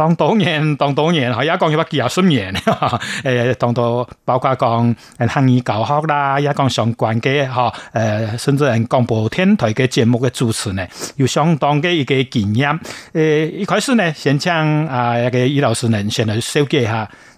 當導演，當導演，佢而家講嘅乜嘢新嘢咧？誒，當到包括講誒漢語搞笑啦，也講相關嘅嚇，甚至係廣播電台嘅節目嘅主持咧，有相當嘅一個經驗。誒，一開始呢，先請啊一個余老師呢，先來收機嚇。